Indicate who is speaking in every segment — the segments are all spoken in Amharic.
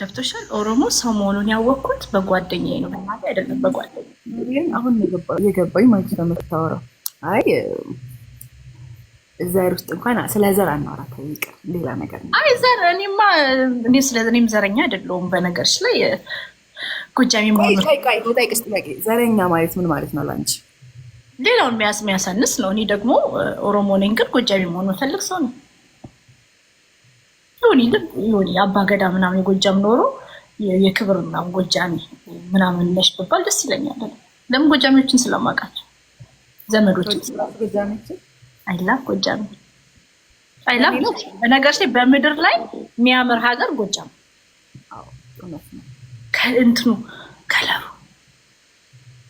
Speaker 1: ገብቶሻል። ኦሮሞ ሰው መሆኑን ያወቅኩት በጓደኛዬ ነው፣ በማለት አይደለም። በጓደኛዬ
Speaker 2: አሁን የገባኝ ማለት ነው የምታወራው። አይ ዘር ውስጥ እንኳን ስለ ዘር አናወራት፣ ይቅር፣ ሌላ ነገር ነው።
Speaker 1: አይ ዘር እኔማ እኔ ስለ እኔም ዘረኛ አይደለሁም። በነገርሽ ላይ ጎጃሚ
Speaker 2: መሆኑጠይቅስ ጥያቄ ዘረኛ ማለት ምን ማለት ነው ላንቺ?
Speaker 1: ሌላውን የሚያሳንስ ነው። እኔ ደግሞ ኦሮሞ ነኝ፣ ግን ጎጃሚ መሆኑ ፈልግ ሰው ነው ሎኒ አባ ገዳ ምናምን የጎጃም ኖሮ የክብር ምናምን ጎጃሜ ምናምን ነሽ ብባል ደስ ይለኛል። ለምን ጎጃሚዎችን ስለማውቃቸው
Speaker 2: ዘመዶችን
Speaker 1: አይላፍ ጎጃሜ አይላፍ። በነገር ላይ በምድር ላይ የሚያምር ሀገር ጎጃም ከእንትኑ ከለሩ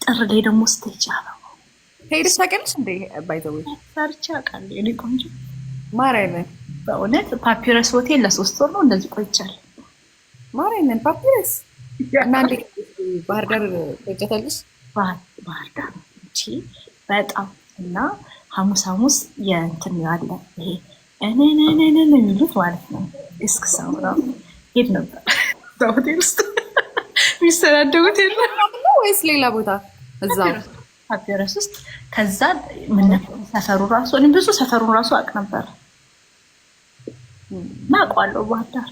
Speaker 1: ጥር ላይ ደግሞ ስትሄጂ አበባው
Speaker 2: ሄደሽ ታውቂያለሽ እንዴ? ባይዘወ
Speaker 1: ሰርቼ አውቃለሁ። የእኔ ቆንጆ ማርያምን በእውነት ፓፒረስ ሆቴል ለሶስት ወር ነው እንደዚህ ቆይቻል።
Speaker 2: ማርያምን ፓፒረስ እና እንዴ ባህር ዳር ቆይቻታለሽ?
Speaker 1: ባህር ዳር በጣም እና ሐሙስ ሐሙስ የእንትን ያለ ይሄ እነነነነን የሚሉት ማለት ነው እስክሳ ምናምን ሄድ ነበር
Speaker 2: ሆቴል ውስጥ የሚሰዳደጉት የለ ወይስ ሌላ ቦታ
Speaker 1: እዛ ፓፒረስ ውስጥ ከዛ ምን ሰፈሩ ራሱ ብዙ ሰፈሩን ራሱ አቅ ነበር ማቋለው ባህር ዳር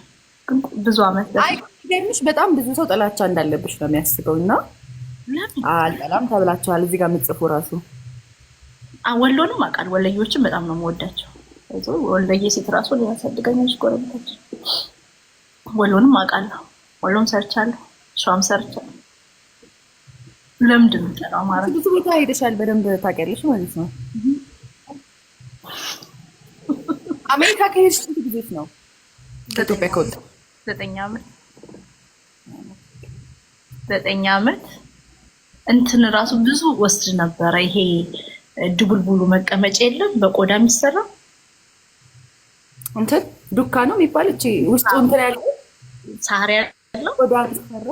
Speaker 1: ግን ብዙ አመት
Speaker 2: ገሚሽ በጣም ብዙ ሰው ጥላቻ እንዳለብሽ ነው የሚያስበው። እና አልጠላም ተብላችኋል። እዚህ ጋር የምጽፉ ራሱ
Speaker 1: ወሎንም አውቃል። ወለዮችን በጣም ነው የምወዳቸው። ወለየ ሴት ራሱ ሊያሳድገኞች ጎረቤታች። ወሎንም አውቃለሁ። ወሎም ሰርቻለሁ፣ ሸዋም ሰርቻለሁ። ለምንድን ነው የምጠላው?
Speaker 2: ብዙ ቦታ ሄደሻል፣ በደንብ ታውቂያለሽ ማለት ነው። አሜሪካ ከሄድሽ እንዴት ነው? ከኢትዮጵያ ከወጣ
Speaker 1: ዘጠኝ ዓመት ዘጠኝ ዓመት እንትን ራሱ ብዙ ወስድ ነበረ። ይሄ ድቡልቡሉ መቀመጫ የለም በቆዳ የሚሰራ
Speaker 2: እንትን ዱካ ነው የሚባል እቺ ውስጡ እንትን ያለ
Speaker 1: ሳር ያለው
Speaker 2: ቆዳ የሚሰራ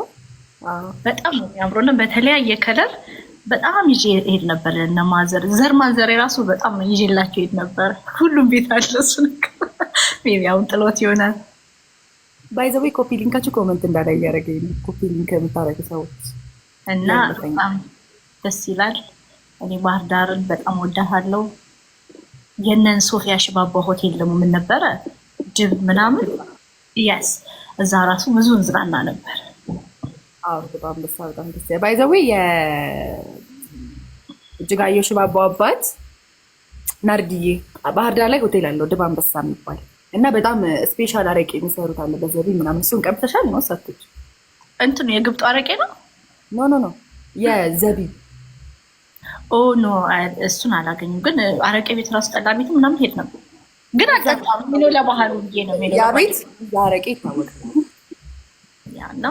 Speaker 1: በጣም ነው የሚያምረው። በተለያየ ከለር በጣም ይዤ ሄድ ነበር። እነ ዘር ማዘር የራሱ በጣም ነው ይዤላቸው ሄድ ነበር። ሁሉም ቤት አለ እሱ ነገር ሜቢ አሁን ጥሎት ይሆናል።
Speaker 2: ባይ ዘ ወይ ኮፒ ሊንካችሁ ኮመንት እንዳላይ እያደረገኝ ነው። ኮፒ ሊንክ የምታደረጉ ሰዎች
Speaker 1: እና በጣም ደስ ይላል። እኔ ባህር ዳርን በጣም ወዳታለሁ። የነን ሶፊያ ሽባባ ሆቴል ደግሞ ምን ነበረ ድብ ምናምን ያስ እዛ ራሱ ብዙ እንዝናና ነበር።
Speaker 2: በጣም ደስ በጣም ደስ ባይ ዘ ወይ የእጅጋየሁ ሽባባው አባት ናርድዬ ባህር ዳር ላይ ሆቴል አለው ድብ አንበሳ የሚባል እና በጣም ስፔሻል አረቄ የሚሰሩት አለ በዘቢ ምናምን። እሱን ቀምተሻል ነው? ሰቶች
Speaker 1: እንትን የግብጡ አረቄ ነው።
Speaker 2: ኖ ኖ ኖ የዘቢ
Speaker 1: ኦ ኖ እሱን አላገኙም። ግን አረቄ ቤት ራሱ ጠላ ቤት ምናምን ሄድ ነበር፣ ግን አልጠጣም። ምን ለባህሉ ብዬ ነው ሄ
Speaker 2: ቤት አረቄ ይታወቃል።
Speaker 1: ያና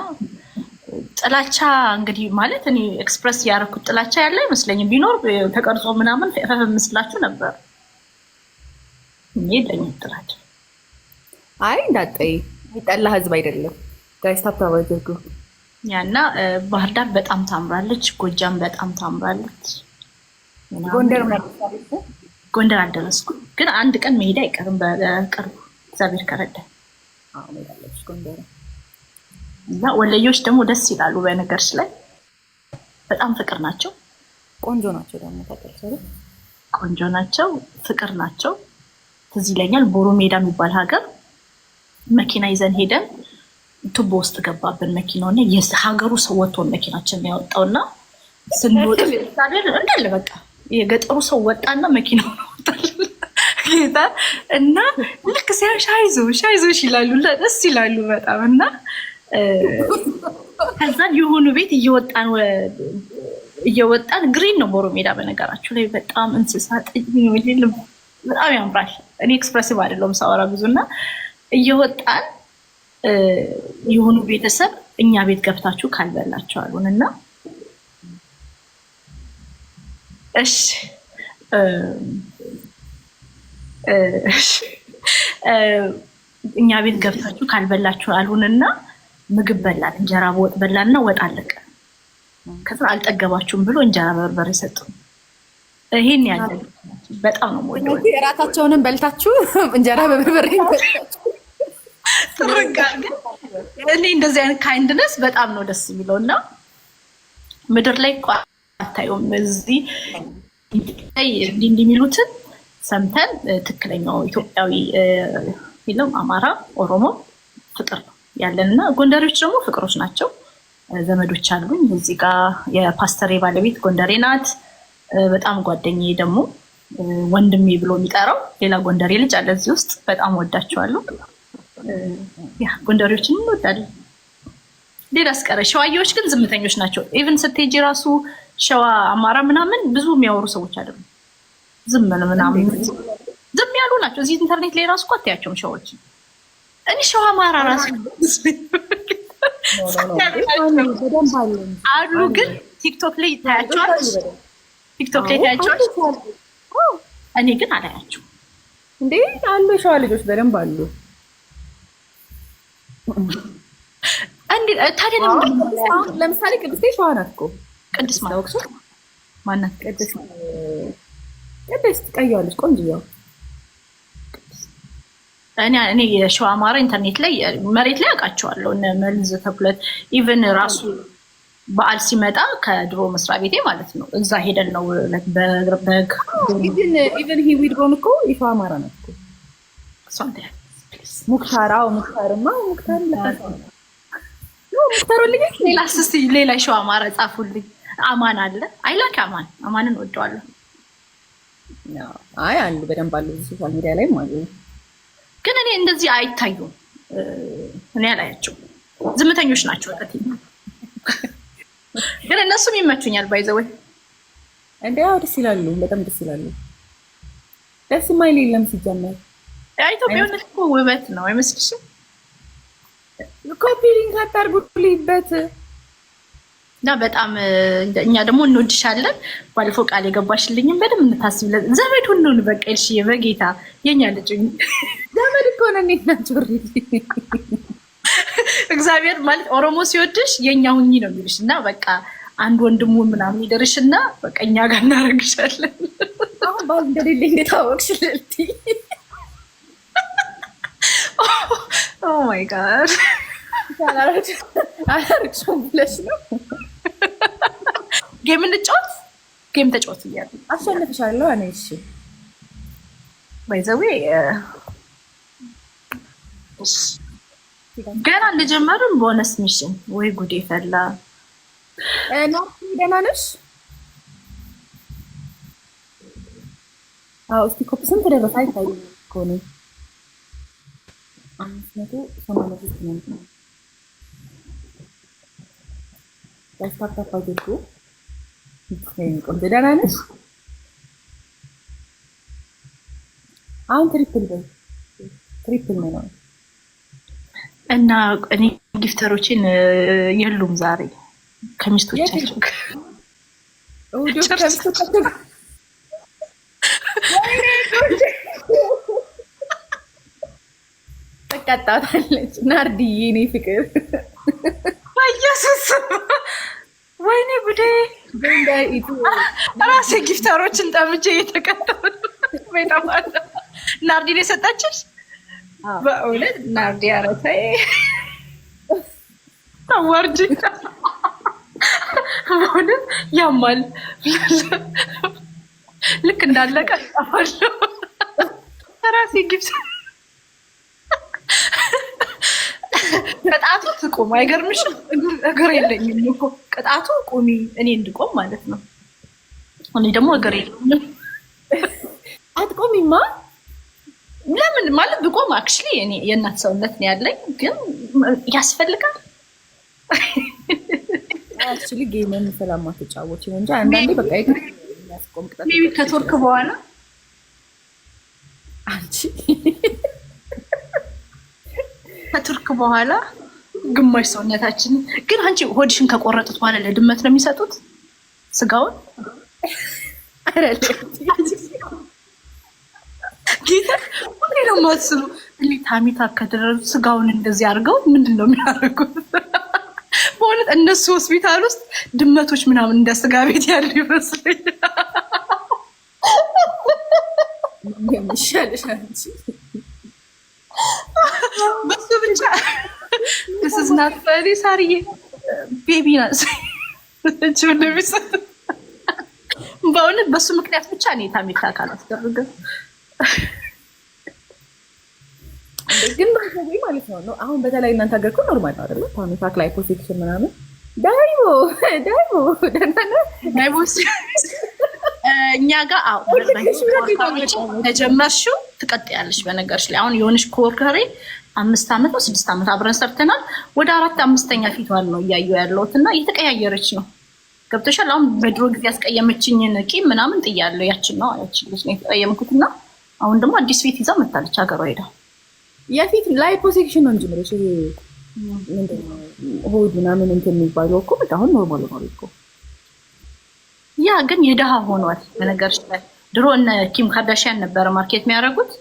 Speaker 1: ጥላቻ እንግዲህ ማለት እኔ ኤክስፕረስ ያደረኩት ጥላቻ ያለ አይመስለኝም። ቢኖር ተቀርጾ ምናምን ፈፍ ምስላችሁ ነበር። የለኝም ጥላቻ
Speaker 2: አይ እንዳጠይ የሚጠላ ህዝብ አይደለም። ጋይስ ታባጀጉ
Speaker 1: ያና ባህር ዳር በጣም ታምራለች። ጎጃም በጣም ታምራለች። ጎንደር ጎንደር አልደረስኩ፣ ግን አንድ ቀን መሄድ አይቀርም በቅርቡ እግዚአብሔር ከረዳ። እና ወለዮች ደግሞ ደስ ይላሉ። በነገርች ላይ በጣም ፍቅር ናቸው፣
Speaker 2: ቆንጆ ናቸው። ደግሞ
Speaker 1: ቆንጆ ናቸው፣ ፍቅር ናቸው። ትዝ ይለኛል ቦሮ ሜዳ የሚባል ሀገር መኪና ይዘን ሄደን ቱቦ ውስጥ ገባብን። መኪናው ሀገሩ ሰው ወጥቶን መኪናችን ያወጣውና ስንወጥ እንዳለ በቃ የገጠሩ ሰው ወጣና መኪናው ጌታ እና ልክ ሲያሽ አይዞሽ አይዞሽ ይላሉ፣ ደስ ይላሉ በጣም እና ከዛን የሆኑ ቤት እየወጣን እየወጣን ግሪን ነው ሞሮ ሜዳ። በነገራችሁ ላይ በጣም እንስሳ በጣም ያምራል። እኔ ኤክስፕሬሲቭ አይደለሁም ሳወራ ብዙ እና እየወጣን የሆኑ ቤተሰብ እኛ ቤት ገብታችሁ ካልበላችሁ አሉን እና እሺ እኛ ቤት ገብታችሁ ካልበላችሁ አሉንና ምግብ በላን። እንጀራ በወጥ በላንና ወጥ አለቀ። ከዛ አልጠገባችሁም ብሎ እንጀራ በርበሬ ሰጡን። ይሄን ያለ በጣም ነው ሞ
Speaker 2: እራታቸውንም በልታችሁ እንጀራ በበርበሬ
Speaker 1: እኔ እንደዚህ አይነት ካይንድነስ በጣም ነው ደስ የሚለው እና ምድር ላይ እኮ አታየውም። እዚህ እንዲህ እንደሚሉትን ሰምተን ትክክለኛው ኢትዮጵያዊ የለም አማራ፣ ኦሮሞ ፍቅር ነው ያለን እና ጎንደሬዎች ደግሞ ፍቅሮች ናቸው። ዘመዶች አሉኝ እዚህ ጋር የፓስተሬ ባለቤት ጎንደሬ ናት። በጣም ጓደኛዬ ደግሞ ወንድሜ ብሎ የሚጠራው ሌላ ጎንደሬ ልጅ አለ እዚህ ውስጥ። በጣም ወዳቸዋለሁ። ያ ጎንደሬዎችን እንወዳለን። ስቀረ ሸዋየዎች ሸዋዬዎች ግን ዝምተኞች ናቸው። ኢቭን ስትሄጂ ራሱ ሸዋ፣ አማራ ምናምን ብዙ የሚያወሩ ሰዎች አይደሉ፣ ዝም ነው ምናምን ዝም ያሉ ናቸው። እዚህ ኢንተርኔት ላይ ራሱ እኮ አታያቸውም ሸዎች። እኔ ሸዋ አማራ ራሱ አሉ፣ ግን ቲክቶክ ላይ ታያቸዋለሽ። ቲክቶክ ላይ ታያቸዋለሽ። እኔ ግን አላያቸው
Speaker 2: እንዴ አሉ፣ የሸዋ ልጆች በደንብ አሉ። ታዲያ ለምሳሌ ቅድስቴ ሸዋ ናት እኮ
Speaker 1: ቅድስት ማለት ማናት? ቅድስ
Speaker 2: ቅድስ ትቀየዋለች ቆንጆ
Speaker 1: እኔ እኔ የሸዋ አማራ ኢንተርኔት ላይ መሬት ላይ አውቃቸዋለሁ። እነ መልዝ ተኩለት ኢቨን ራሱ በዓል ሲመጣ ከድሮ መስሪያ ቤቴ ማለት ነው እዛ ሄደን ነው በግ
Speaker 2: ኢቨን ሂዊድ ቦን እኮ የሸዋ አማራ ነው እኮ ሙክታር አዎ፣ ሙክታርማ ሙክታር
Speaker 1: ሙክታሩ ልጅ ሌላ ስስ ሌላ ሸው አማራ ጻፉልኝ። አማን አለ አይላክ አማን አማንን ወደዋለሁ።
Speaker 2: አይ አሉ በደንብ አሉ ሶሻል ሚዲያ ላይ ማለ
Speaker 1: ግን እኔ እንደዚህ አይታዩም። እኔ ያላያቸው ዝምተኞች ናቸው። ቀት ግን እነሱም ይመቹኛል። ባይዘወይ
Speaker 2: እንዲያው ደስ ይላሉ። በጣም ደስ ይላሉ። ደስ ማይል የለም ሲጀመር
Speaker 1: ኢትዮጵያነት እኮ ውበት ነው አይመስልሽም?
Speaker 2: ኮፒ ሊንክ አታርጉልኝበት
Speaker 1: እና በጣም እኛ ደግሞ እንወድሻለን። ባለፈው ቃል የገባሽልኝም በደምብ እንታስብለን። ዘመድ ሁሉን በቃ እሺ፣ በጌታ የኛ ልጅ
Speaker 2: ዘመድ እኮ ነን። እንዴት ናቸው?
Speaker 1: እግዚአብሔር ማለት ኦሮሞ ሲወድሽ የእኛ ሁኚ ነው የሚልሽ እና በቃ አንድ ወንድሙ ምናምን ይደርሽ እና በቃ እኛ ጋር እናደርግሻለን።
Speaker 2: አሁን ባል እንደሌለኝ ታወቅሽ ልልቲ
Speaker 1: ማይ ጋድ
Speaker 2: አላረግሽም ብለሽ ነው
Speaker 1: ጌም እንጫወት፣ ጌም ተጫወት እያሉ
Speaker 2: አሸንፍሻለሁ። እኔ እሺ uh,
Speaker 1: ገና እንደጀመርም ቦነስ ሚሽን ወይ ጉዴ ፈላ።
Speaker 2: ደህና ነሽ? እስኪ ኮፒ ስንት ደረሰ? አይታይም እኮ ነው አምስት መቶ ሰማንያ ሶስት ነው ያስታካፋ ጆቶ ቆንጆ ደህና ነሽ? አሁን ትሪፕል በይ ትሪፕል ነው
Speaker 1: እና እኔ ጊፍተሮችን የሉም ዛሬ ከሚስቶቻቸው ትቀጣታለች። ናርድዬ እኔ ፍቅር ኢየሱስ ወይኔ ጉዴ! ራሴ ጊፍታሮችን ጠምቼ እየተቀጠሉ በጣም ናርዲን የሰጠችሽ በእውነት ናርዲ አረሳዬ አዋርጅ በእውነት ያማል። ልክ እንዳለቀ ራሴ ጊፍት ቅጣቱ ትቁም። አይገርምሽም? እግር የለኝም እኮ ቅጣቱ ቁሚ፣ እኔ እንድቆም ማለት ነው። እኔ ደግሞ እግር የለኝም። አትቆሚማ። ለምን ማለት ብቆም አክቹዋሊ እኔ የእናት ሰውነት ነው ያለኝ፣ ግን ያስፈልጋል
Speaker 2: አክቹዋሊ ጌምን ስለማትጫወች ነው እንጂ አንዳንዴ በቃ የሚያስቆም
Speaker 1: ከቶርክ በኋላ አንቺ ከቱርክ በኋላ ግማሽ ሰውነታችን ግን አንቺ ሆድሽን ከቆረጡት በኋላ ለድመት ነው የሚሰጡት ስጋውን። ጌታ ነው ማስሉ ማስቡ ታሚታ ከደረሱ ስጋውን እንደዚህ አድርገው ምንድን ነው የሚያደርጉት? በእውነት እነሱ ሆስፒታል ውስጥ ድመቶች ምናምን እንደ ስጋ ቤት ያሉ ይመስለኛል። በሱ ብቻ ስዝናት ፈሪ ሳርዬ ቤቢ ናት። በእውነት በሱ ምክንያት ብቻ እኔ ታሜካ ካላስደርግም
Speaker 2: ግን ማለት ነው። አሁን በተለይ እናንተ ሀገር እኮ ኖርማል ነው አይደለ? ታሜካክ ላይ ፖሴክሽን ምናምን ዳይቦ ዳይቦ
Speaker 1: ዳይቦ እኛ ጋር ተጀመርሽው ትቀጥያለሽ። በነገርሽ ላይ አሁን የሆነሽ ኮወርከሬ አምስት ዓመት ነው ስድስት ዓመት አብረን ሰርተናል። ወደ አራት አምስተኛ ፊቷን ነው እያየሁ ያለሁት እና እየተቀያየረች ነው። ገብቶሻል። አሁን በድሮ ጊዜ ያስቀየመችኝን ቂም ምናምን ጥያለሁ። ያችን ነው ያችን ልጅ ነው የተቀየምኩት እና አሁን ደግሞ አዲስ ፊት ይዛ መታለች። ሀገሯ ሄዳ
Speaker 2: የፊት ላይፖሴክሽን ነው እንጂ ምለች ሆድ ምናምን እንትን የሚባለው እኮ በቃ አሁን ኖርማል ነው እኮ
Speaker 1: ያ ግን የድሃ ሆኗል። በነገርሽ ላይ ድሮ እነ ኪም ካርዳሽያን ነበረ ማርኬት የሚያደርጉት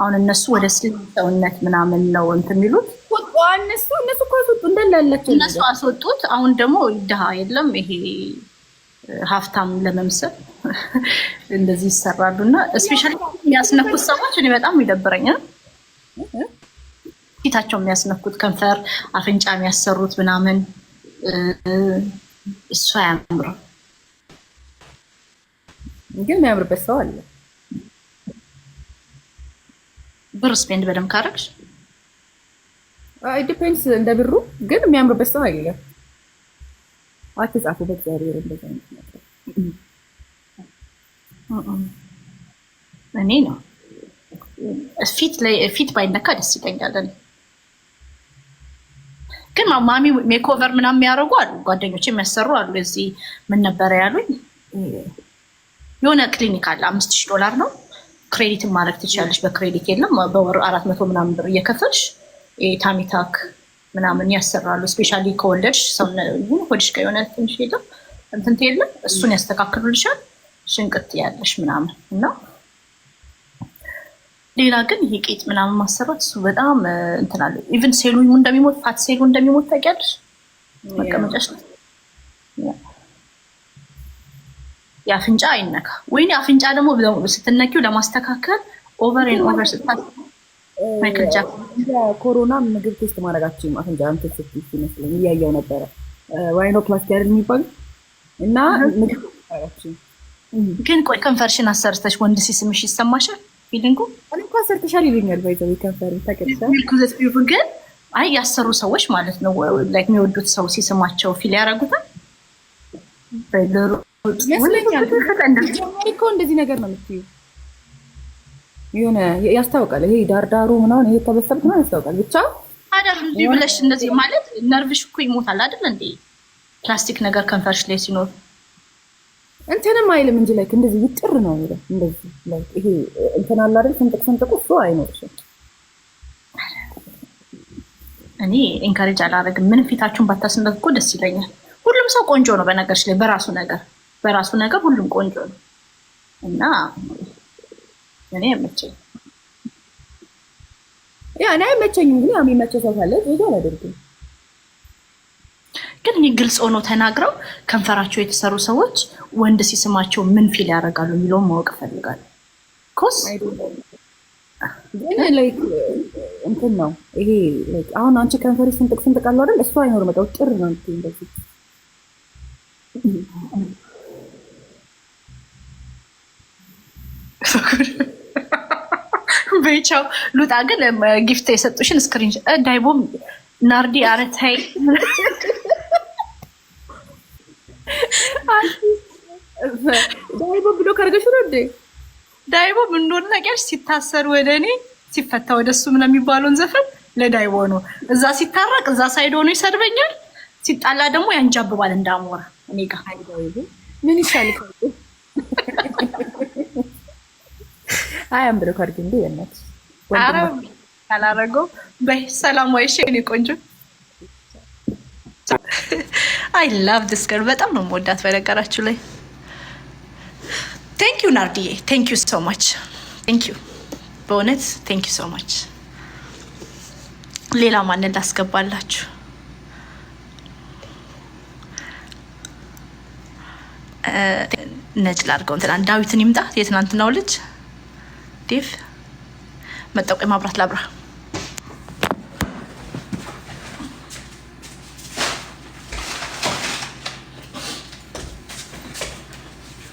Speaker 1: አሁን እነሱ ወደ ስልም ሰውነት ምናምን ነው እንትን የሚሉት
Speaker 2: እነሱ እነሱ እኮ አስወጡ እንደላለቸው
Speaker 1: እነሱ አስወጡት። አሁን ደግሞ ድሃ የለም ይሄ ሀብታም ለመምሰል እንደዚህ ይሰራሉ። እና እስፔሻሊ የሚያስነኩት ሰዎች እኔ በጣም ይደብረኛል። ፊታቸው የሚያስነኩት ከንፈር፣ አፍንጫ የሚያሰሩት ምናምን እሱ አያምርም፣
Speaker 2: ግን የሚያምርበት ሰው አለ
Speaker 1: ብር ስፔንድ በደንብ ካረግሽ
Speaker 2: ዲፔንድስ እንደ ብሩ ግን የሚያምርበት ሰው አይደለም። አትጻፉ በእግዚአብሔር አይነት ነገር
Speaker 1: እኔ ነው ፊት ላይ ፊት ባይነካ ደስ ይለኛል። ግን ማሚ ሜኮቨር ምናምን የሚያደርጉ አሉ፣ ጓደኞች የሚያሰሩ አሉ። እዚህ ምን ነበረ ያሉኝ የሆነ ክሊኒክ አለ አምስት ሺህ ዶላር ነው ክሬዲትን ማድረግ ትችላለች። በክሬዲት የለም በወር አራት መቶ ምናምን ብር እየከፈልሽ ታሚታክ ምናምን ያሰራሉ። ስፔሻሊ ከወለድሽ ሰውን ሆድሽ ጋር የሆነ ትንሽ የለም እንትንት የለም እሱን ያስተካክሉልሻል። ሽንቅት ያለሽ ምናምን እና ሌላ ግን ይሄ ቄጥ ምናምን ማሰራት እሱ በጣም እንትን አለ። ኢቨን ሴሉ እንደሚሞት ፋት ሴሉ እንደሚሞት ታውቂያለሽ መቀመጫሽ ነው የአፍንጫ አይነካ ወይኔ አፍንጫ ደግሞ ስትነኪው ለማስተካከል ኦቨርን ኦቨር ስታስ
Speaker 2: ማይክል ጃክሰን ኮሮና ምግብ ቴስት ማድረጋችን አፍንጫ ምትስት ይመስለኝ እያየው ነበረ። ራይኖፕላስቲ አይደል የሚባል እና ምግብ ማድረጋችን
Speaker 1: ግን ቆይ ከንፈርሽን አሰርተሽ ወንድ ሲስምሽ ይሰማሻል? ፊሊንጉ
Speaker 2: እኔ እኮ አሰርተሻል ይሉኛል። ባይዘው ከንፈር ተቀደሰ
Speaker 1: ግን አይ ያሰሩ ሰዎች ማለት ነው ላይክ የሚወዱት ሰው ሲስማቸው ፊል ያደርጉታል።
Speaker 2: እኮ እንደዚህ ነገር ነው የምትይው። የሆነ ያስታውቃል። ይሄ ዳርዳሩ ምናምን ይሄ ተበሰልክ ምናምን ያስታውቃል። ብቻ
Speaker 1: አይደል እንዲ ብለሽ እንደዚህ ማለት ነርቭሽ እኮ ይሞታል አይደል እንዴ? ፕላስቲክ ነገር ከንፈርሽ ላይ ሲኖር
Speaker 2: እንትንም አይልም እንጂ ላይክ እንደዚህ ይጥር ነው የሚለው እንደዚህ ላይክ ይሄ እንትን አለ አይደል? ስንጥቅ ስንጥቁ እሱ አይኖርሽም።
Speaker 1: እኔ ኢንካሬጅ አላደርግም። ምንም ፊታችሁን ባታስነት እኮ ደስ ይለኛል። ሁሉም ሰው ቆንጆ ነው በነገርሽ ላይ በራሱ ነገር በራሱ ነገር ሁሉም ቆንጆ ነው እና እኔ አይመቸኝም።
Speaker 2: ያ እኔ አይመቸኝም፣ ግን ያው የሚመቸው ሰው ካለ ዜጋ አላደርግም።
Speaker 1: ግን እኔ ግልጽ ሆኖ ተናግረው ከንፈራቸው የተሰሩ ሰዎች ወንድ ሲስማቸው ምን ፊል ያደርጋሉ የሚለውን ማወቅ ፈልጋል። ኮስ
Speaker 2: እንትን ነው ይሄ አሁን አንቺ ከንፈሪ ስንጥቅ ስንጥቅ አለው አይደል? እሱ አይኖርም። በቃ ውጭር ነው እንደዚህ
Speaker 1: ቻው ሉጣ ግን ጊፍት የሰጡሽን ስክሪን ዳይቦም ናርዲ አረታይ
Speaker 2: ዳይቦ ብሎ ከርገሽ ነው እንዴ?
Speaker 1: ዳይቦ ምን እንደሆነ ታውቂያለሽ? ሲታሰር ወደ እኔ ሲፈታ ወደ እሱ ምን የሚባለውን ዘፈን ለዳይቦ ነው። እዛ ሲታረቅ እዛ ሳይድ ሆኖ ይሰድበኛል፣ ሲጣላ ደግሞ ያንጃብባል እንዳሞራ እኔ ጋር ምን ይሻል
Speaker 2: አያም ብሎ ከርግ እንዴ የነት
Speaker 1: አላረገው በይ ሰላም ዋይሽ የኔ ቆንጆ አይ ላቭ ዲስ ገር በጣም ነው የምወዳት። በነገራችሁ ላይ ቴንክ ዩ ናርዲዬ፣ ቴንክ ዩ ሶ ማች ቴንክ ዩ በእውነት ቴንክ ዩ ሶ ማች። ሌላ ማንን ላስገባላችሁ? ነጭ ላድርገው። እንትና ዳዊትን ይምጣ የትናንትናው ልጅ ዴቭ መጠቆ ማብራት ላብራ